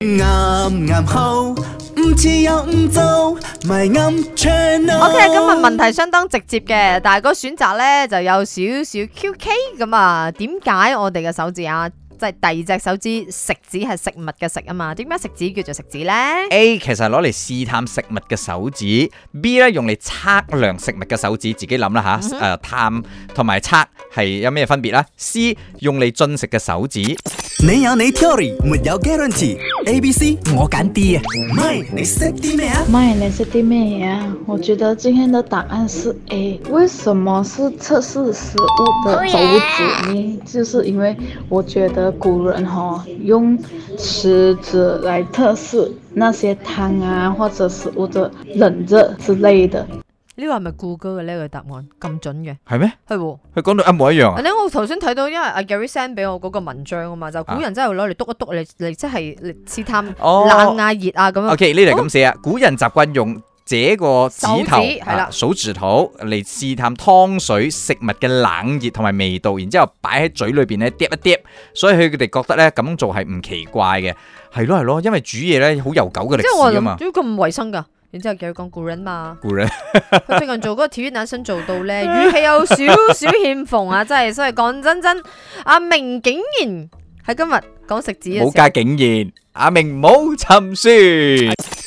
O、okay, K，今日問題相當直接嘅，但係個選擇咧就有少少 Q K 咁啊？點解我哋嘅手指啊？即係第二隻手指食指係食物嘅食啊嘛，點解食指叫做食指呢？A 其實攞嚟試探食物嘅手指，B 咧用嚟測量食物嘅手指，自己諗啦吓。誒、mm hmm. 啊，探同埋測係有咩分別啦？C 用嚟進食嘅手指。你有你 theory，沒有 guarantee。A、B、C，我揀 D MY。MY 你識啲咩啊？MY 你識啲咩啊？我覺得今天的答案是 A。為什麼是測試食物嘅手指呢？Oh、yeah. 就是因為我覺得。古人哈、哦、用食指來測試那些湯啊或者食物的冷熱之類嘅。呢個係咪 Google 嘅呢個答案咁準嘅？係咩嗎？係，佢講到一模一樣啊！嗱、啊，你我頭先睇到因為阿 Gary send 俾我嗰個文章啊嘛，就古人真係會攞嚟篤一篤、啊、你刮一刮，嚟即係嚟試探冷啊熱啊咁樣。OK，呢嚟咁寫啊，哦、古人習慣用。這個指頭係啦，手指頭嚟試探湯水食物嘅冷熱同埋味道，然之後擺喺嘴裏邊咧，啜一啜，所以佢哋覺得咧咁做係唔奇怪嘅，係咯係咯，因為煮嘢咧好悠久嘅歷史啊嘛。點解咁衛生噶？然之後叫佢講古人嘛？古人佢最近做嗰個挑戰想做到咧，語氣有少少欠奉啊！真係所以講真真，阿明竟然喺今日講食指啊！冇家竟然，阿明冇沉船。